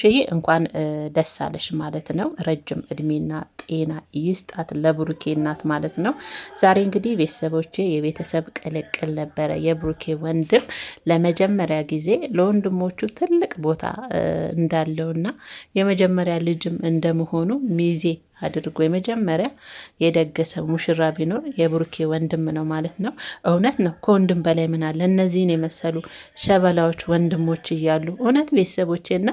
ሽዬ እንኳን ደስ አለሽ ማለት ነው። ረጅም እድሜና ጤና ይስጣት ለብሩኬ እናት ማለት ነው። ዛሬ እንግዲህ ቤተሰቦቼ የቤተሰብ ቅልቅል ነበረ። የብሩኬ ወንድም ለመጀመሪያ ጊዜ ለወንድሞቹ ትልቅ ቦታ እንዳለውና የመጀመሪያ ልጅም እንደመሆኑ ሚዜ አድርጎ የመጀመሪያ የደገሰ ሙሽራ ቢኖር የብሩኬ ወንድም ነው ማለት ነው። እውነት ነው። ከወንድም በላይ ምን አለ? እነዚህን የመሰሉ ሸበላዎች ወንድሞች እያሉ እውነት እና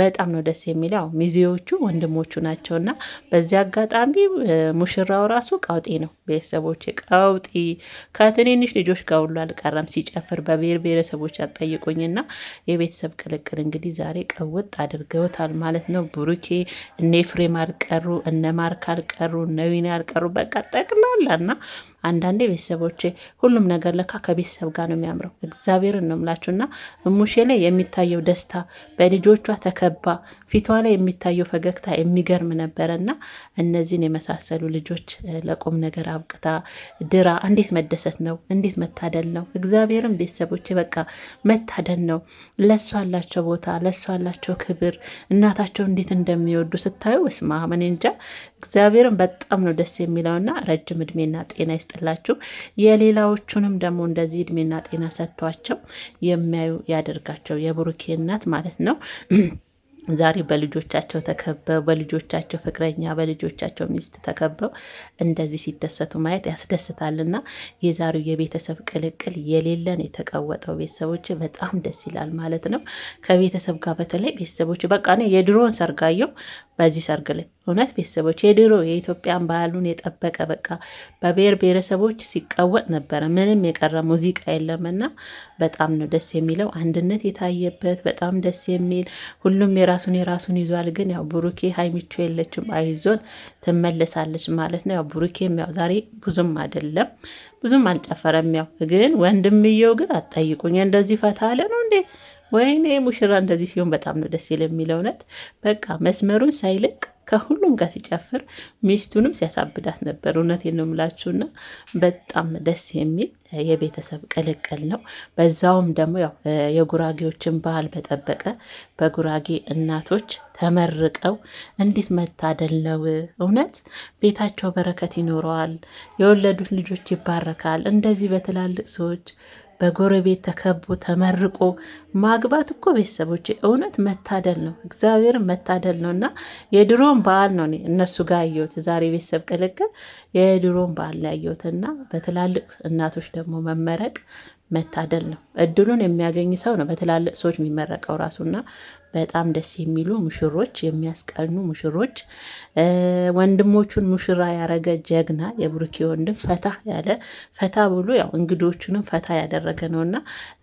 በጣም ነው ደስ የሚለው። ሚዜዎቹ ወንድሞቹ ናቸውና በዚህ አጋጣሚ ሙሽራው ራሱ ቀውጢ ነው። ቤተሰቦቼ ቀውጢ ከትንንሽ ልጆች ጋር ሁሉ አልቀረም ሲጨፍር በብሔር ብሔረሰቦች አጠይቁኝና የቤተሰብ ቅልቅል እንግዲህ ዛሬ ቀውጥ አድርገውታል ማለት ነው። ብሩኬ እነ ኤፍሬም አልቀሩ እነ ማርክ አልቀሩ ነዊኔ አልቀሩ በቃ ጠቅላላ እና አንዳንዴ ቤተሰቦቼ ሁሉም ነገር ለካ ከቤተሰብ ጋር ነው የሚያምረው። እግዚአብሔርን ነው የምላችሁ እና ሙሼ ላይ የሚታየው ደስታ በልጆቿ ተከባ ፊቷ ላይ የሚታየው ፈገግታ የሚገርም ነበረ እና እነዚህን የመሳሰሉ ልጆች ለቁም ነገር አብቅታ ድራ እንዴት መደሰት ነው! እንዴት መታደል ነው! እግዚአብሔርን ቤተሰቦቼ በቃ መታደል ነው። ለሱ አላቸው ቦታ፣ ለሱ አላቸው ክብር። እናታቸው እንዴት እንደሚወዱ ስታዩ ስማ እንጃ እግዚአብሔርን በጣም ነው ደስ የሚለውና ረጅም እድሜና ጤና ይስጥላችሁ። የሌላዎቹንም ደግሞ እንደዚህ እድሜና ጤና ሰጥቷቸው የሚያዩ ያደርጋቸው የብሩኬ እናት ማለት ነው። ዛሬ በልጆቻቸው ተከበው በልጆቻቸው ፍቅረኛ በልጆቻቸው ሚስት ተከበው እንደዚህ ሲደሰቱ ማየት ያስደስታልና የዛሬው የቤተሰብ ቅልቅል የሌለን የተቀወጠው ቤተሰቦች በጣም ደስ ይላል ማለት ነው። ከቤተሰብ ጋር በተለይ ቤተሰቦች በቃ እኔ የድሮን ሰርጋየው በዚህ ሰርግ ላይ እውነት ቤተሰቦች የድሮ የኢትዮጵያን ባህሉን የጠበቀ በቃ በብሔር ብሔረሰቦች ሲቀወጥ ነበረ። ምንም የቀረ ሙዚቃ የለምና በጣም ነው ደስ የሚለው። አንድነት የታየበት በጣም ደስ የሚል ሁሉም ራሱን የራሱን ይዟል። ግን ያው ብሩኬ ሀይሚቾ የለችም፣ አይዞን ትመለሳለች ማለት ነው። ያው ብሩኬም ያው ዛሬ ብዙም አይደለም ብዙም አልጨፈረም። ያው ግን ወንድምየው ግን አትጠይቁኝ እንደዚህ ፈታ አለ ነው እንዴ? ወይኔ ሙሽራ እንደዚህ ሲሆን በጣም ነው ደስ የሚለው። እውነት በቃ መስመሩን ሳይልቅ ከሁሉም ጋር ሲጨፍር ሚስቱንም ሲያሳብዳት ነበር። እውነቴን ነው የምላችሁና በጣም ደስ የሚል የቤተሰብ ቅልቅል ነው። በዛውም ደግሞ ያው የጉራጌዎችን ባህል በጠበቀ በጉራጌ እናቶች ተመርቀው እንዴት መታደል ነው እውነት። ቤታቸው በረከት ይኖረዋል፣ የወለዱት ልጆች ይባረካል። እንደዚህ በትላልቅ ሰዎች በጎረቤት ተከቦ ተመርቆ ማግባት እኮ ቤተሰቦች እውነት መታደል ነው፣ እግዚአብሔር መታደል ነው። እና የድሮን በዓል ነው እነሱ ጋር ያየሁት ዛሬ ቤተሰብ ቅልቅል የድሮን በዓል ነው ያየሁት። እና በትላልቅ እናቶች ደግሞ መመረቅ መታደል ነው። እድሉን የሚያገኝ ሰው ነው በትላልቅ ሰዎች የሚመረቀው ራሱና በጣም ደስ የሚሉ ሙሽሮች፣ የሚያስቀኑ ሙሽሮች፣ ወንድሞቹን ሙሽራ ያረገ ጀግና የብሩኬ ወንድም ፈታ ያለ ፈታ ብሎ ያው እንግዶቹንም ፈታ ያደረገ ነው እና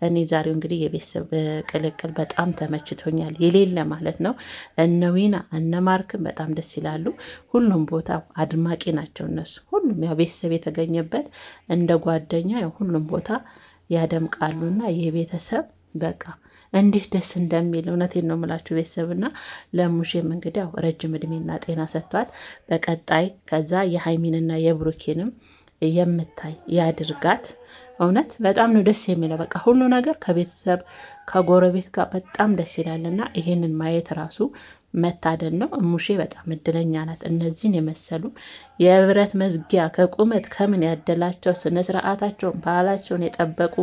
እኔ ዛሬው እንግዲህ የቤተሰብ ቅልቅል በጣም ተመችቶኛል። የሌለ ማለት ነው። እነ ዊና እነ ማርክን በጣም ደስ ይላሉ። ሁሉም ቦታ አድማቂ ናቸው እነሱ ሁሉም ያው ቤተሰብ የተገኘበት እንደ ጓደኛ ያው ሁሉም ቦታ ያደምቃሉና ይህ ቤተሰብ በቃ እንዲህ ደስ እንደሚል እውነቴን ነው የምላችሁ ቤተሰብና ለሙሼም እንግዲያው ረጅም እድሜና ጤና ሰጥቷት በቀጣይ ከዛ የሀይሚንና የብሩኬንም የምታይ ያድርጋት። እውነት በጣም ነው ደስ የሚለው። በቃ ሁሉ ነገር ከቤተሰብ ከጎረቤት ጋር በጣም ደስ ይላልና ይሄንን ማየት ራሱ መታደል ነው። እሙሼ በጣም እድለኛ ናት። እነዚህን የመሰሉ የህብረት መዝጊያ ከቁመት ከምን ያደላቸው ስነ ስርዓታቸውን ባህላቸውን የጠበቁ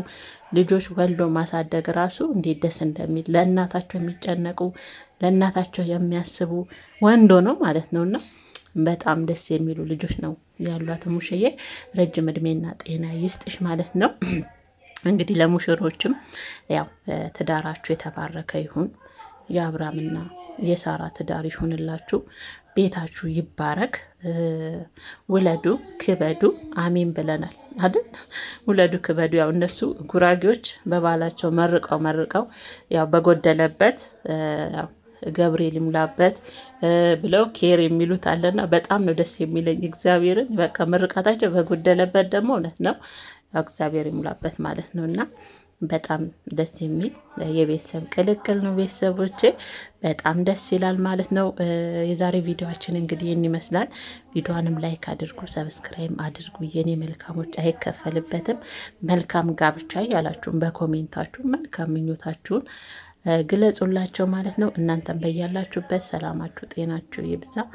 ልጆች ወልዶ ማሳደግ ራሱ እንዴት ደስ እንደሚል ለእናታቸው የሚጨነቁ ለእናታቸው የሚያስቡ ወንዶ ነው ማለት ነው እና በጣም ደስ የሚሉ ልጆች ነው ያሏት። ሙሽዬ ረጅም እድሜና ጤና ይስጥሽ ማለት ነው። እንግዲህ ለሙሽሮችም ያው ትዳራችሁ የተባረከ ይሁን። የአብርሃምና የሳራ ትዳር ይሁንላችሁ፣ ቤታችሁ ይባረክ፣ ውለዱ፣ ክበዱ። አሜን ብለናል አይደል? ውለዱ፣ ክበዱ። ያው እነሱ ጉራጌዎች በባህላቸው መርቀው መርቀው ያው በጎደለበት ገብርኤል ይሙላበት ብለው ኬር የሚሉት አለና በጣም ነው ደስ የሚለኝ እግዚአብሔርን። በቃ ምርቃታቸው በጎደለበት ደግሞ እውነት ነው ያው እግዚአብሔር ይሙላበት ማለት ነው እና በጣም ደስ የሚል የቤተሰብ ቅልቅል ነው። ቤተሰቦቼ በጣም ደስ ይላል ማለት ነው። የዛሬ ቪዲዮችን እንግዲህ ይህን ይመስላል። ቪዲዮንም ላይክ አድርጉ፣ ሰብስክራይብ አድርጉ። የኔ መልካሞች አይከፈልበትም። መልካም ጋብቻ ያላችሁን በኮሜንታችሁ መልካም ምኞታችሁን ግለጹላቸው ማለት ነው። እናንተም በያላችሁበት ሰላማችሁ፣ ጤናችሁ ይብዛ።